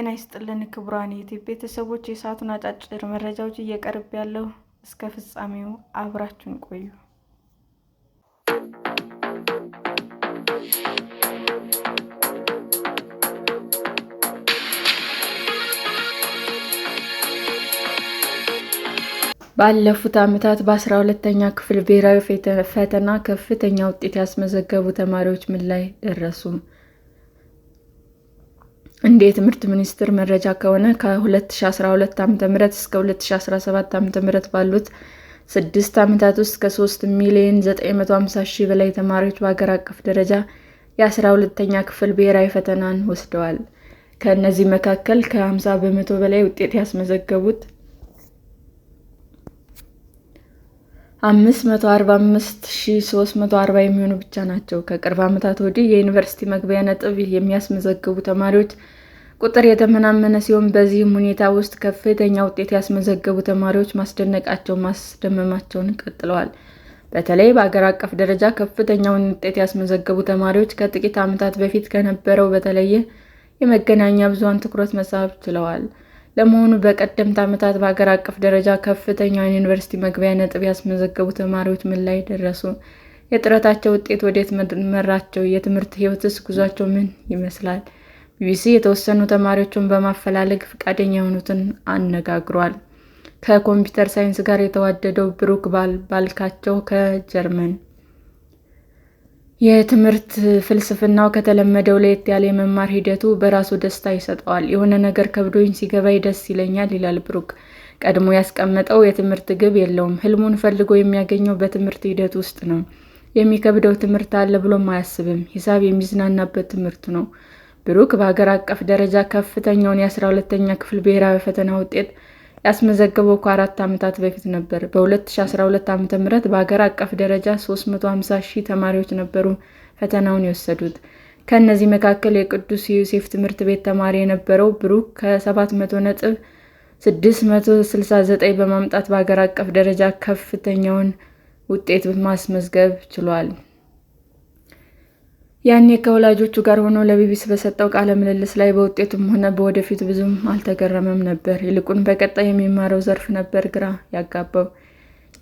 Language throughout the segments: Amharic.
ጤና ይስጥልን ክቡራን ዩቲዩብ ቤተሰቦች፣ የሰዓቱን አጫጭር መረጃዎች እየቀርብ ያለው እስከ ፍጻሜው አብራችሁን ቆዩ። ባለፉት ዓመታት በአስራ ሁለተኛ ክፍል ብሔራዊ ፈተና ከፍተኛ ውጤት ያስመዘገቡ ተማሪዎች ምን ላይ ደረሱ? እንደ የትምህርት ሚኒስቴር መረጃ ከሆነ ከ2012 ዓ.ም እስከ 2017 ም ባሉት ስድስት ዓመታት ውስጥ ከ3 ሚሊዮን 950 ሺህ በላይ ተማሪዎች በአገር አቀፍ ደረጃ የ12ኛ ክፍል ብሔራዊ ፈተናን ወስደዋል። ከእነዚህ መካከል ከ50 በመቶ በላይ ውጤት ያስመዘገቡት 545340 የሚሆኑ ብቻ ናቸው። ከቅርብ ዓመታት ወዲህ የዩኒቨርሲቲ መግቢያ ነጥብ የሚያስመዘግቡ ተማሪዎች ቁጥር የተመናመነ ሲሆን በዚህም ሁኔታ ውስጥ ከፍተኛ ውጤት ያስመዘገቡ ተማሪዎች ማስደነቃቸው ማስደመማቸውን ቀጥለዋል። በተለይ በአገር አቀፍ ደረጃ ከፍተኛውን ውጤት ያስመዘገቡ ተማሪዎች ከጥቂት ዓመታት በፊት ከነበረው በተለየ የመገናኛ ብዙኃን ትኩረት መሳብ ችለዋል። ለመሆኑ በቀደምት ዓመታት በሀገር አቀፍ ደረጃ ከፍተኛውን የዩኒቨርሲቲ መግቢያ ነጥብ ያስመዘገቡ ተማሪዎች ምን ላይ ደረሱ? የጥረታቸው ውጤት ወዴት መራቸው? የትምህርት ሕይወትስ ጉዟቸው ምን ይመስላል? ቢቢሲ የተወሰኑ ተማሪዎችን በማፈላለግ ፈቃደኛ የሆኑትን አነጋግሯል። ከኮምፒውተር ሳይንስ ጋር የተዋደደው ብሩክ ባልካቸው ከጀርመን የትምህርት ፍልስፍናው ከተለመደው ለየት ያለ የመማር ሂደቱ በራሱ ደስታ ይሰጠዋል። የሆነ ነገር ከብዶኝ ሲገባኝ ደስ ይለኛል ይላል ብሩክ። ቀድሞ ያስቀመጠው የትምህርት ግብ የለውም። ህልሙን ፈልጎ የሚያገኘው በትምህርት ሂደት ውስጥ ነው። የሚከብደው ትምህርት አለ ብሎም አያስብም። ሂሳብ የሚዝናናበት ትምህርቱ ነው። ብሩክ በሀገር አቀፍ ደረጃ ከፍተኛውን የአስራ ሁለተኛ ክፍል ብሔራዊ ፈተና ውጤት ያስመዘገበው ከአራት ዓመታት በፊት ነበር። በ2012 ም በአገር አቀፍ ደረጃ 350 ሺህ ተማሪዎች ነበሩ ፈተናውን የወሰዱት። ከእነዚህ መካከል የቅዱስ ዮሴፍ ትምህርት ቤት ተማሪ የነበረው ብሩክ ከ700 ነጥብ 669 በማምጣት በሀገር አቀፍ ደረጃ ከፍተኛውን ውጤት ማስመዝገብ ችሏል። ያኔ ከወላጆቹ ጋር ሆኖ ለቢቢሲ በሰጠው ቃለ ምልልስ ላይ በውጤቱም ሆነ በወደፊቱ ብዙም አልተገረመም ነበር። ይልቁን በቀጣይ የሚማረው ዘርፍ ነበር ግራ ያጋባው።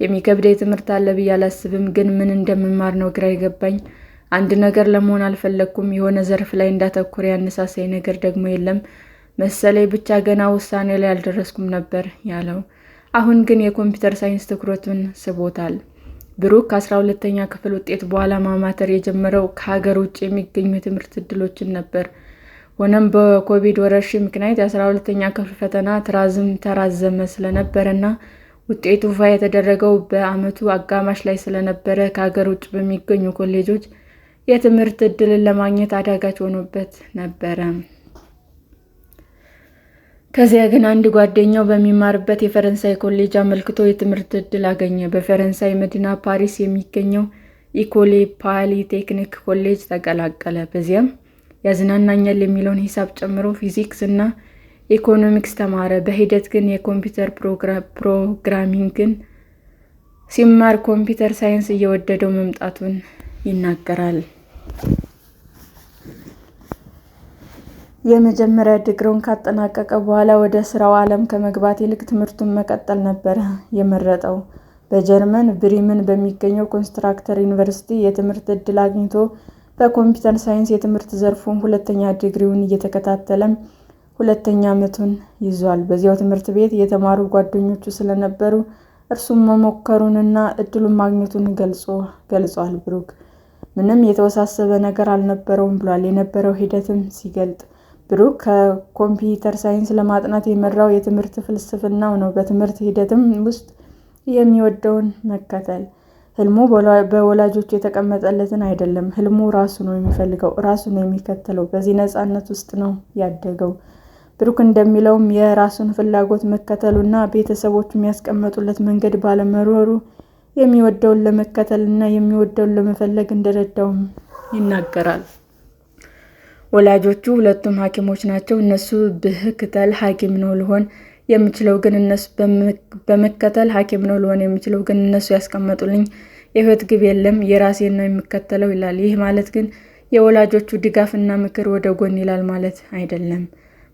የሚከብደኝ ትምህርት አለ ብዬ አላስብም፣ ግን ምን እንደምማር ነው ግራ የገባኝ። አንድ ነገር ለመሆን አልፈለግኩም። የሆነ ዘርፍ ላይ እንዳተኩር ያነሳሳኝ ነገር ደግሞ የለም መሰለኝ። ብቻ ገና ውሳኔ ላይ አልደረስኩም ነበር ያለው። አሁን ግን የኮምፒውተር ሳይንስ ትኩረቱን ስቦታል። ብሩክ ከ12ኛ ክፍል ውጤት በኋላ ማማተር የጀመረው ከሀገር ውጭ የሚገኙ የትምህርት እድሎችን ነበር። ሆነም በኮቪድ ወረርሽኝ ምክንያት የ12ኛ ክፍል ፈተና ትራዝም ተራዘመ ስለነበረ እና ውጤቱ ይፋ የተደረገው በዓመቱ አጋማሽ ላይ ስለነበረ ከሀገር ውጭ በሚገኙ ኮሌጆች የትምህርት እድልን ለማግኘት አዳጋች ሆኖበት ነበረ። ከዚያ ግን አንድ ጓደኛው በሚማርበት የፈረንሳይ ኮሌጅ አመልክቶ የትምህርት ዕድል አገኘ። በፈረንሳይ መዲና ፓሪስ የሚገኘው ኢኮሌ ፖሊቴክኒክ ኮሌጅ ተቀላቀለ። በዚያም ያዝናናኛል የሚለውን ሂሳብ ጨምሮ ፊዚክስ እና ኢኮኖሚክስ ተማረ። በሂደት ግን የኮምፒውተር ፕሮግራሚንግን ሲማር ኮምፒውተር ሳይንስ እየወደደው መምጣቱን ይናገራል። የመጀመሪያ ዲግሪውን ካጠናቀቀ በኋላ ወደ ስራው ዓለም ከመግባት ይልቅ ትምህርቱን መቀጠል ነበር የመረጠው። በጀርመን ብሪምን በሚገኘው ኮንስትራክተር ዩኒቨርሲቲ የትምህርት ዕድል አግኝቶ በኮምፒውተር ሳይንስ የትምህርት ዘርፉን ሁለተኛ ዲግሪውን እየተከታተለም ሁለተኛ ዓመቱን ይዟል። በዚያው ትምህርት ቤት የተማሩ ጓደኞቹ ስለነበሩ እርሱም መሞከሩንና እድሉን ማግኘቱን ገልጿል። ብሩክ ምንም የተወሳሰበ ነገር አልነበረውም ብሏል። የነበረው ሂደትም ሲገልጥ ብሩክ ከኮምፒውተር ሳይንስ ለማጥናት የመራው የትምህርት ፍልስፍናው ነው። በትምህርት ሂደትም ውስጥ የሚወደውን መከተል። ህልሙ በወላጆቹ የተቀመጠለትን አይደለም። ህልሙ ራሱ ነው የሚፈልገው፣ ራሱ ነው የሚከተለው። በዚህ ነፃነት ውስጥ ነው ያደገው። ብሩክ እንደሚለውም የራሱን ፍላጎት መከተሉ እና ቤተሰቦቹ የሚያስቀመጡለት መንገድ ባለመኖሩ የሚወደውን ለመከተል እና የሚወደውን ለመፈለግ እንደረዳውም ይናገራል። ወላጆቹ ሁለቱም ሐኪሞች ናቸው። እነሱ ብህክተል ሐኪም ነው ልሆን የምችለው ግን እነሱ በመከተል ሐኪም ነው ልሆን የምችለው ግን እነሱ ያስቀመጡልኝ የህይወት ግብ የለም፣ የራሴን ነው የምከተለው ይላል። ይህ ማለት ግን የወላጆቹ ድጋፍ እና ምክር ወደ ጎን ይላል ማለት አይደለም።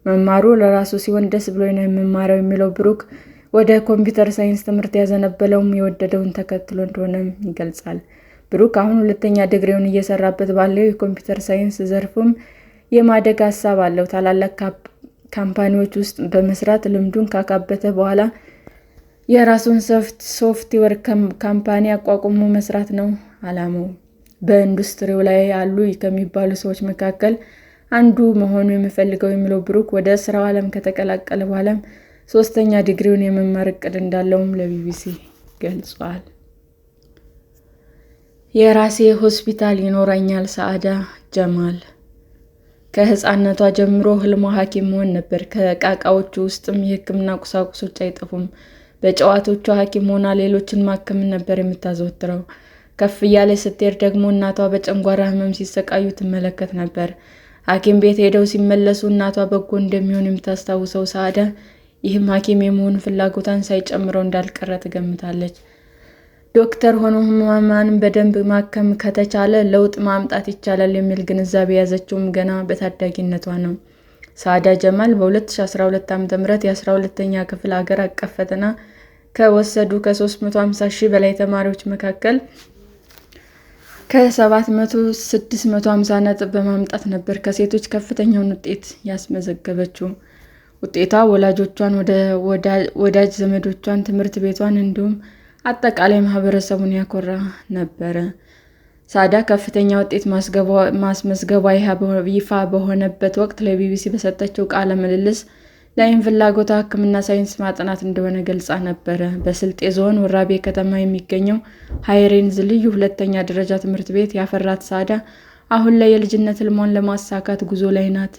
መማሩ ለራሱ ሲሆን ደስ ብሎ ነው የምማረው የሚለው ብሩክ ወደ ኮምፒውተር ሳይንስ ትምህርት ያዘነበለውም የወደደውን ተከትሎ እንደሆነም ይገልጻል። ብሩክ አሁን ሁለተኛ ዲግሪውን እየሰራበት ባለው የኮምፒውተር ሳይንስ ዘርፉም የማደግ ሀሳብ አለው። ታላላቅ ካምፓኒዎች ውስጥ በመስራት ልምዱን ካካበተ በኋላ የራሱን ሶፍትዌር ካምፓኒ አቋቁሞ መስራት ነው አላማው በኢንዱስትሪው ላይ አሉ ከሚባሉ ሰዎች መካከል አንዱ መሆኑ የምፈልገው የሚለው ብሩክ ወደ ስራው ዓለም ከተቀላቀለ በኋላም ሶስተኛ ዲግሪውን የመማር እቅድ እንዳለውም ለቢቢሲ ገልጿል። የራሴ ሆስፒታል ይኖረኛል። ሰአዳ ጀማል ከህፃነቷ ጀምሮ ህልሟ ሐኪም መሆን ነበር። ከቃቃዎቹ ውስጥም የህክምና ቁሳቁሶች አይጠፉም። በጨዋታዎቿ ሐኪም ሆና ሌሎችን ማከምን ነበር የምታዘወትረው። ከፍ እያለ ስትሄድ ደግሞ እናቷ በጨንጓራ ህመም ሲሰቃዩ ትመለከት ነበር። ሐኪም ቤት ሄደው ሲመለሱ እናቷ በጎ እንደሚሆን የምታስታውሰው ሰአደ ይህም ሐኪም የመሆን ፍላጎቷን ሳይጨምረው እንዳልቀረ ትገምታለች። ዶክተር ሆኖ ህሙማንን በደንብ ማከም ከተቻለ ለውጥ ማምጣት ይቻላል የሚል ግንዛቤ የያዘችውም ገና በታዳጊነቷ ነው። ሳዳ ጀማል በ2012 ዓ.ም የ12ኛ ክፍል አገር አቀፍ ፈተና ከወሰዱ ከ350 ሺህ በላይ ተማሪዎች መካከል ከ700 650 ነጥብ በማምጣት ነበር ከሴቶች ከፍተኛውን ውጤት ያስመዘገበችው። ውጤቷ ወላጆቿን፣ ወዳጅ ዘመዶቿን፣ ትምህርት ቤቷን እንዲሁም አጠቃላይ ማህበረሰቡን ያኮራ ነበረ። ሳዳ ከፍተኛ ውጤት ማስመዝገቧ ይፋ በሆነበት ወቅት ለቢቢሲ በሰጠችው ቃለ ምልልስ ለአይን ፍላጎቷ ሕክምና ሳይንስ ማጥናት እንደሆነ ገልጻ ነበረ። በስልጤ ዞን ወራቤ ከተማ የሚገኘው ሃይሬንዝ ልዩ ሁለተኛ ደረጃ ትምህርት ቤት ያፈራት ሳዳ አሁን ላይ የልጅነት ሕልሟን ለማሳካት ጉዞ ላይ ናት።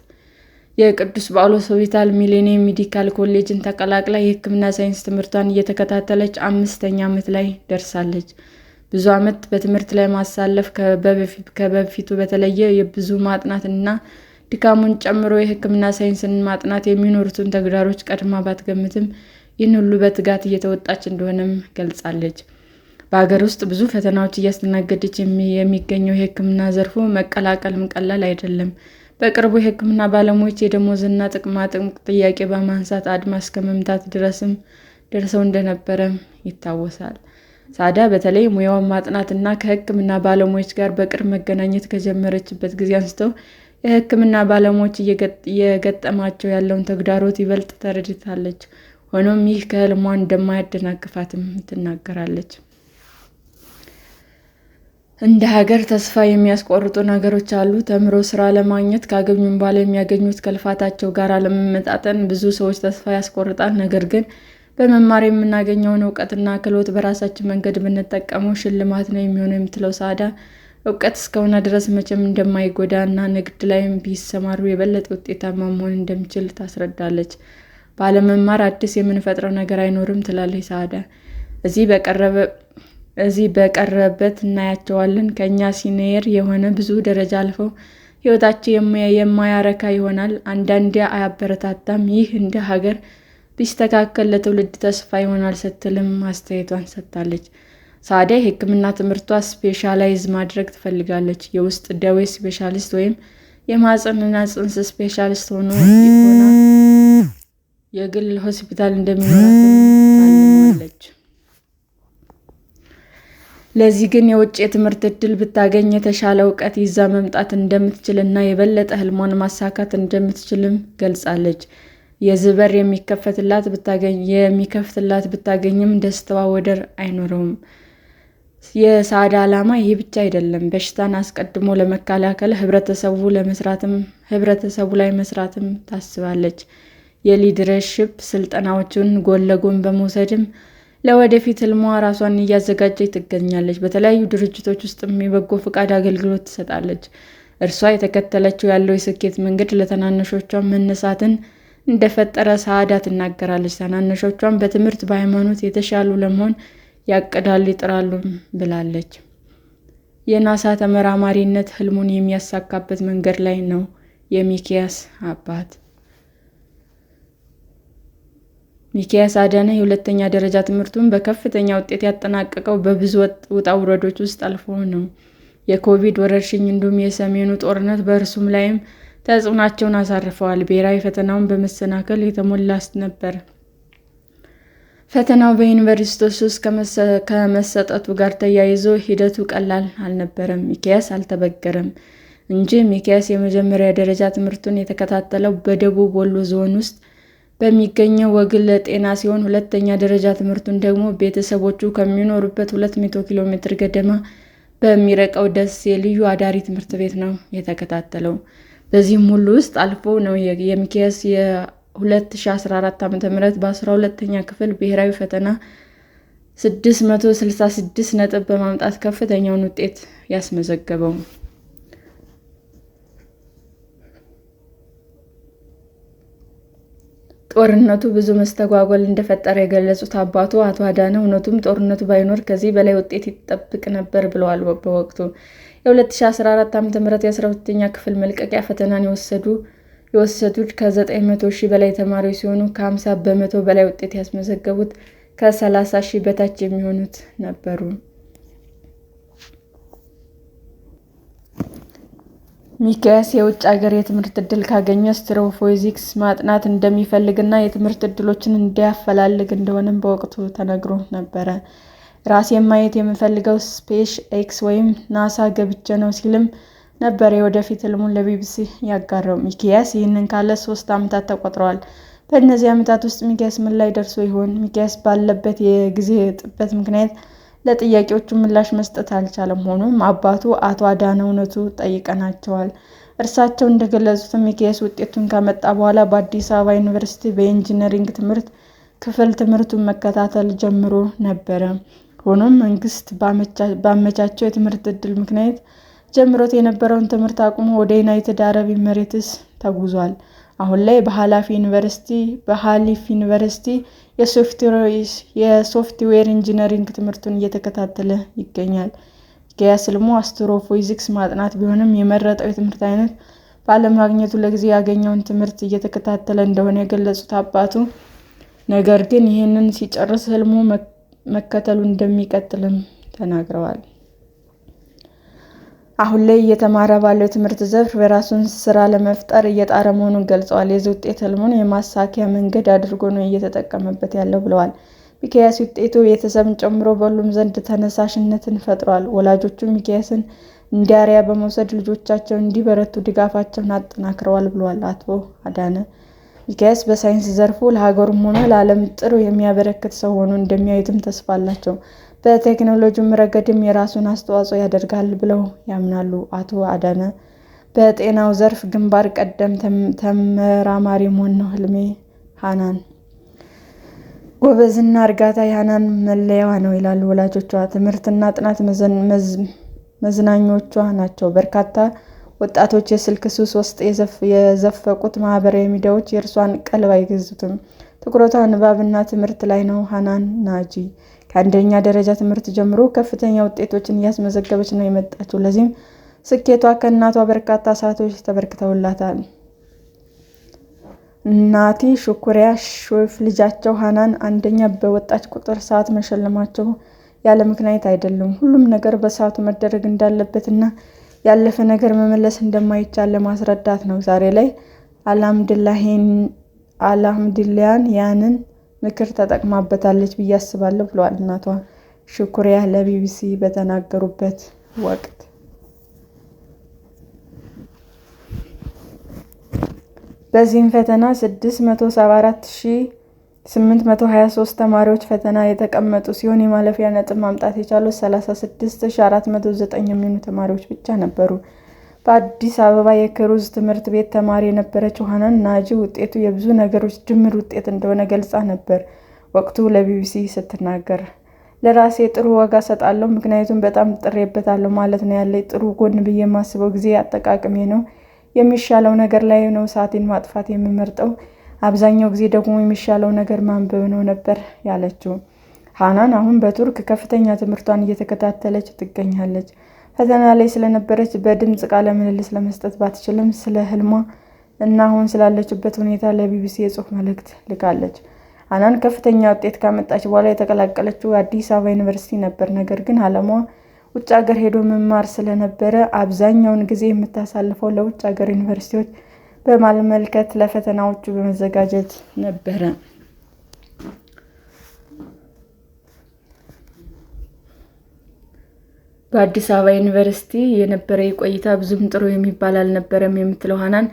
የቅዱስ ጳውሎስ ሆስፒታል ሚሌኒየም ሜዲካል ኮሌጅን ተቀላቅላ የሕክምና ሳይንስ ትምህርቷን እየተከታተለች አምስተኛ ዓመት ላይ ደርሳለች። ብዙ ዓመት በትምህርት ላይ ማሳለፍ ከበፊቱ በተለየ የብዙ ማጥናት እና ድካሙን ጨምሮ የሕክምና ሳይንስን ማጥናት የሚኖሩትን ተግዳሮች ቀድማ ባትገምትም ይህን ሁሉ በትጋት እየተወጣች እንደሆነም ገልጻለች። በሀገር ውስጥ ብዙ ፈተናዎች እያስተናገደች የሚገኘው የሕክምና ዘርፉ መቀላቀልም ቀላል አይደለም። በቅርቡ የሕክምና ባለሙያዎች የደሞዝና ጥቅማጥቅም ጥያቄ በማንሳት አድማ እስከ መምታት ድረስም ደርሰው እንደነበረም ይታወሳል። ሳዳ በተለይ ሙያዋን ማጥናትና ከሕክምና ባለሙያዎች ጋር በቅርብ መገናኘት ከጀመረችበት ጊዜ አንስተው የሕክምና ባለሙያዎች እየገጠማቸው ያለውን ተግዳሮት ይበልጥ ተረድታለች። ሆኖም ይህ ከህልሟ እንደማያደናቅፋትም ትናገራለች። እንደ ሀገር ተስፋ የሚያስቆርጡ ነገሮች አሉ። ተምሮ ስራ ለማግኘት ካገኙም በኋላ የሚያገኙት ከልፋታቸው ጋር ለመመጣጠን ብዙ ሰዎች ተስፋ ያስቆርጣል። ነገር ግን በመማር የምናገኘውን እውቀትና ክህሎት በራሳችን መንገድ ብንጠቀመው ሽልማት ነው የሚሆነው የምትለው ሳዳ እውቀት እስከሆነ ድረስ መቼም እንደማይጎዳ እና ንግድ ላይም ቢሰማሩ የበለጠ ውጤታማ መሆን እንደሚችል ታስረዳለች። ባለመማር አዲስ የምንፈጥረው ነገር አይኖርም ትላለች ሳዳ እዚህ በቀረበ በዚህ በቀረበት እናያቸዋለን። ከእኛ ሲኒየር የሆነ ብዙ ደረጃ አልፈው ሕይወታቸው የማያረካ ይሆናል። አንዳንዴ አያበረታታም። ይህ እንደ ሀገር ቢስተካከል ለትውልድ ተስፋ ይሆናል ስትልም አስተያየቷን ሰጥታለች። ሳዲያ የህክምና ትምህርቷ ስፔሻላይዝ ማድረግ ትፈልጋለች። የውስጥ ደዌ ስፔሻሊስት ወይም የማህፀንና ጽንስ ስፔሻሊስት ሆኖ የግል ሆስፒታል እንደሚኖራት ታልማለች። ለዚህ ግን የውጭ የትምህርት እድል ብታገኝ የተሻለ እውቀት ይዛ መምጣት እንደምትችል እና የበለጠ ህልሟን ማሳካት እንደምትችልም ገልጻለች። የሚከፈትላት ብታገኝ የሚከፍትላት ብታገኝም ደስታዋ ወደር አይኖረውም። የሳዕዳ ዓላማ ይህ ብቻ አይደለም፤ በሽታን አስቀድሞ ለመከላከል ህብረተሰቡ ላይ መስራትም ታስባለች። የሊደርሺፕ ስልጠናዎችን ጎን ለጎን በመውሰድም ለወደፊት ህልሟ ራሷን እያዘጋጀች ትገኛለች። በተለያዩ ድርጅቶች ውስጥም የበጎ ፈቃድ አገልግሎት ትሰጣለች። እርሷ የተከተለችው ያለው የስኬት መንገድ ለትናንሾቿ መነሳትን እንደፈጠረ ሰዓዳ ትናገራለች። ታናናሾቿም በትምህርት፣ በሃይማኖት የተሻሉ ለመሆን ያቅዳሉ፣ ይጥራሉ ብላለች። የናሳ ተመራማሪነት ህልሙን የሚያሳካበት መንገድ ላይ ነው የሚኪያስ አባት ሚኪያስ አዳነ የሁለተኛ ደረጃ ትምህርቱን በከፍተኛ ውጤት ያጠናቀቀው በብዙ ውጣ ውረዶች ውስጥ አልፎ ነው። የኮቪድ ወረርሽኝ እንዲሁም የሰሜኑ ጦርነት በእርሱም ላይም ተጽዕኖአቸውን አሳርፈዋል። ብሔራዊ ፈተናውን በመሰናከል የተሞላ ነበር። ፈተናው በዩኒቨርሲቲዎች ውስጥ ከመሰጠቱ ጋር ተያይዞ ሂደቱ ቀላል አልነበረም። ሚኪያስ አልተበገረም እንጂ ሚኪያስ የመጀመሪያ ደረጃ ትምህርቱን የተከታተለው በደቡብ ወሎ ዞን ውስጥ በሚገኘው ወግል ለጤና ሲሆን ሁለተኛ ደረጃ ትምህርቱን ደግሞ ቤተሰቦቹ ከሚኖሩበት 200 ኪሎ ሜትር ገደማ በሚረቀው ደሴ ልዩ አዳሪ ትምህርት ቤት ነው የተከታተለው። በዚህም ሁሉ ውስጥ አልፎ ነው የሚኪያስ የ2014 ዓ.ም በ12ኛ ክፍል ብሔራዊ ፈተና 666 ነጥብ በማምጣት ከፍተኛውን ውጤት ያስመዘገበው። ጦርነቱ ብዙ መስተጓጎል እንደፈጠረ የገለጹት አባቱ አቶ አዳነ፣ እውነቱም ጦርነቱ ባይኖር ከዚህ በላይ ውጤት ይጠበቅ ነበር ብለዋል። በወቅቱ የ2014 ዓ.ም የ12ኛ ክፍል መልቀቂያ ፈተናን የወሰዱት ከ900 ሺህ በላይ ተማሪዎች ሲሆኑ ከ50 በመቶ በላይ ውጤት ያስመዘገቡት ከ30 ሺህ በታች የሚሆኑት ነበሩ። ሚኪያስ የውጭ ሀገር የትምህርት እድል ካገኘ ስትሮፎይዚክስ ማጥናት እንደሚፈልግና የትምህርት እድሎችን እንዲያፈላልግ እንደሆነም በወቅቱ ተነግሮ ነበረ። ራሴን ማየት የምፈልገው ስፔስ ኤክስ ወይም ናሳ ገብቼ ነው ሲልም ነበር የወደፊት ህልሙን ለቢቢሲ ያጋራው። ሚኪያስ ይህንን ካለ ሶስት ዓመታት ተቆጥረዋል። በእነዚህ ዓመታት ውስጥ ሚኪያስ ምን ላይ ደርሶ ይሆን? ሚኪያስ ባለበት የጊዜ ጥበት ምክንያት ለጥያቄዎቹ ምላሽ መስጠት አልቻለም። ሆኖም አባቱ አቶ አዳነ እውነቱ ጠይቀናቸዋል። እርሳቸው እንደገለጹት ሚኪያስ ውጤቱን ከመጣ በኋላ በአዲስ አበባ ዩኒቨርሲቲ በኢንጂነሪንግ ትምህርት ክፍል ትምህርቱን መከታተል ጀምሮ ነበረ። ሆኖም መንግስት ባመቻቸው የትምህርት እድል ምክንያት ጀምሮት የነበረውን ትምህርት አቁሞ ወደ ዩናይትድ አረብ ኤሚሬትስ ተጉዟል። አሁን ላይ በሃላፊ ዩኒቨርሲቲ በሃሊፍ ዩኒቨርሲቲ የሶፍትዌር ኢንጂነሪንግ ትምህርቱን እየተከታተለ ይገኛል። ሚክያስ ስልሞ አስትሮፊዚክስ ማጥናት ቢሆንም የመረጠው የትምህርት አይነት ባለማግኘቱ ለጊዜ ያገኘውን ትምህርት እየተከታተለ እንደሆነ የገለጹት አባቱ፣ ነገር ግን ይህንን ሲጨርስ ሕልሙ መከተሉ እንደሚቀጥልም ተናግረዋል። አሁን ላይ እየተማረ ባለው የትምህርት ዘርፍ የራሱን ስራ ለመፍጠር እየጣረ መሆኑን ገልጸዋል። የዚህ ውጤት ህልሙን የማሳኪያ መንገድ አድርጎ ነው እየተጠቀመበት ያለው ብለዋል። ሚኪያስ ውጤቱ ቤተሰብን ጨምሮ በሁሉም ዘንድ ተነሳሽነትን ፈጥሯል። ወላጆቹ ሚኪያስን እንደ አርአያ በመውሰድ ልጆቻቸው እንዲበረቱ ድጋፋቸውን አጠናክረዋል ብለዋል አቶ አዳነ። ሚኪያስ በሳይንስ ዘርፉ ለሀገሩም ሆነ ለዓለም ጥሩ የሚያበረክት ሰው ሆኖ እንደሚያዩትም ተስፋ አላቸው። በቴክኖሎጂም ረገድም የራሱን አስተዋጽኦ ያደርጋል ብለው ያምናሉ አቶ አዳነ። በጤናው ዘርፍ ግንባር ቀደም ተመራማሪ መሆን ነው ህልሜ። ሀናን ጎበዝና እርጋታ የሀናን መለያዋ ነው ይላሉ ወላጆቿ። ትምህርትና ጥናት መዝናኞቿ ናቸው። በርካታ ወጣቶች የስልክ ሱስ ውስጥ የዘፈቁት ማህበራዊ ሚዲያዎች የእርሷን ቀልብ አይገዙትም። ትኩረቷ ንባብና ትምህርት ላይ ነው። ሀናን ናጂ ከአንደኛ ደረጃ ትምህርት ጀምሮ ከፍተኛ ውጤቶችን እያስመዘገበች ነው የመጣችው። ለዚህም ስኬቷ ከእናቷ በርካታ ሰዓቶች ተበርክተውላታል። ናቲ ሹኩሪያ ሾፍ ልጃቸው ሀናን አንደኛ በወጣች ቁጥር ሰዓት መሸለማቸው ያለ ምክንያት አይደለም። ሁሉም ነገር በሰዓቱ መደረግ እንዳለበት እና ያለፈ ነገር መመለስ እንደማይቻል ለማስረዳት ነው። ዛሬ ላይ አልሐምዱሊላህን ያንን ምክር ተጠቅማበታለች ብዬ አስባለሁ ብለዋል እናቷ ሽኩሪያ ለቢቢሲ በተናገሩበት ወቅት። በዚህም ፈተና 674823 ተማሪዎች ፈተና የተቀመጡ ሲሆን የማለፊያ ነጥብ ማምጣት የቻሉት 36409 የሚሆኑ ተማሪዎች ብቻ ነበሩ። በአዲስ አበባ የክሩዝ ትምህርት ቤት ተማሪ የነበረችው ሀናን ናጂ ውጤቱ የብዙ ነገሮች ድምር ውጤት እንደሆነ ገልጻ ነበር ወቅቱ ለቢቢሲ ስትናገር። ለራሴ ጥሩ ዋጋ ሰጣለው ምክንያቱም በጣም ጥሬበታለሁ ማለት ነው ያለኝ። ጥሩ ጎን ብዬ የማስበው ጊዜ አጠቃቅሜ ነው። የሚሻለው ነገር ላይ ነው ሰዓቴን ማጥፋት የምመርጠው። አብዛኛው ጊዜ ደግሞ የሚሻለው ነገር ማንበብ ነው ነበር ያለችው። ሀናን አሁን በቱርክ ከፍተኛ ትምህርቷን እየተከታተለች ትገኛለች። ፈተና ላይ ስለነበረች በድምፅ ቃለ ምልልስ ለመስጠት ባትችልም ስለ ህልሟ እና አሁን ስላለችበት ሁኔታ ለቢቢሲ የጽሁፍ መልእክት ልካለች። አናን ከፍተኛ ውጤት ካመጣች በኋላ የተቀላቀለችው አዲስ አበባ ዩኒቨርሲቲ ነበር። ነገር ግን አለሟ ውጭ ሀገር ሄዶ መማር ስለነበረ አብዛኛውን ጊዜ የምታሳልፈው ለውጭ ሀገር ዩኒቨርሲቲዎች በማመልከት ለፈተናዎቹ በመዘጋጀት ነበረ። በአዲስ አበባ ዩኒቨርሲቲ የነበረ ቆይታ ብዙም ጥሩ የሚባል አልነበረም የምትለው ሀናን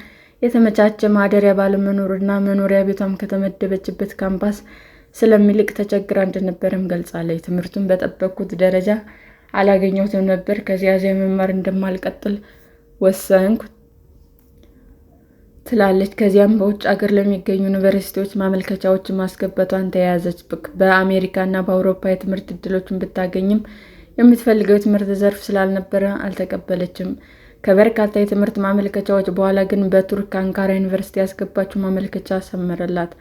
የተመቻቸ ማደሪያ ባለመኖሩና መኖሪያ ቤቷም ከተመደበችበት ካምፓስ ስለሚልቅ ተቸግራ እንደነበረም ገልጻለች። ትምህርቱን በጠበቅኩት ደረጃ አላገኘሁትም ነበር። ከዚያ ዚያ መማር እንደማልቀጥል ወሰንኩ ትላለች። ከዚያም በውጭ አገር ለሚገኙ ዩኒቨርሲቲዎች ማመልከቻዎችን ማስገባቷን ተያያዘች። በአሜሪካ እና በአውሮፓ የትምህርት እድሎችን ብታገኝም የምትፈልገው የትምህርት ዘርፍ ስላልነበረ አልተቀበለችም። ከበርካታ የትምህርት ማመልከቻዎች በኋላ ግን በቱርክ አንካራ ዩኒቨርሲቲ ያስገባችው ማመልከቻ ሰመረላት።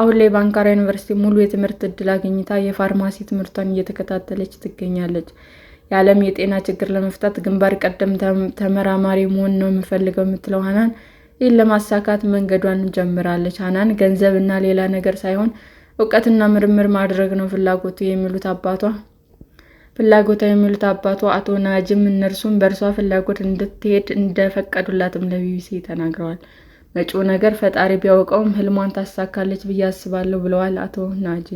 አሁን ላይ በአንካራ ዩኒቨርሲቲ ሙሉ የትምህርት እድል አግኝታ የፋርማሲ ትምህርቷን እየተከታተለች ትገኛለች። የዓለም የጤና ችግር ለመፍታት ግንባር ቀደም ተመራማሪ መሆን ነው የምፈልገው የምትለው ሀናን ይህን ለማሳካት መንገዷን ጀምራለች። ሀናን ገንዘብ እና ሌላ ነገር ሳይሆን እውቀትና ምርምር ማድረግ ነው ፍላጎቱ የሚሉት አባቷ ፍላጎቷ የሚሉት አባቷ አቶ ናጅም እነርሱም በእርሷ ፍላጎት እንድትሄድ እንደፈቀዱላትም ለቢቢሲ ተናግረዋል። መጪው ነገር ፈጣሪ ቢያውቀውም ህልሟን ታሳካለች ብዬ አስባለሁ ብለዋል አቶ ናጂ።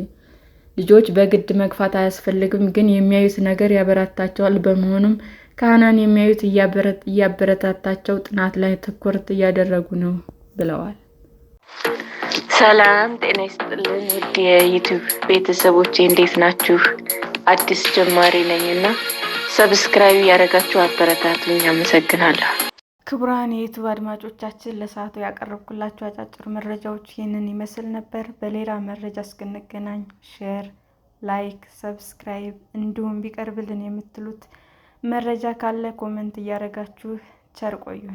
ልጆች በግድ መግፋት አያስፈልግም፣ ግን የሚያዩት ነገር ያበራታቸዋል በመሆኑም ካህናን የሚያዩት እያበረታታቸው ጥናት ላይ ትኩረት እያደረጉ ነው ብለዋል። ሰላም ጤና ይስጥልን ውድ የዩቱብ ቤተሰቦቼ እንዴት ናችሁ? አዲስ ጀማሪ ነኝ እና ሰብስክራይብ ያደረጋችሁ አበረታትልኝ። አመሰግናለሁ። ክቡራን የዩቱብ አድማጮቻችን ለሰዓቱ ያቀረብኩላችሁ አጫጭር መረጃዎች ይህንን ይመስል ነበር። በሌላ መረጃ እስክንገናኝ ሼር፣ ላይክ፣ ሰብስክራይብ እንዲሁም ቢቀርብልን የምትሉት መረጃ ካለ ኮመንት እያደረጋችሁ ቸር ቆዩን።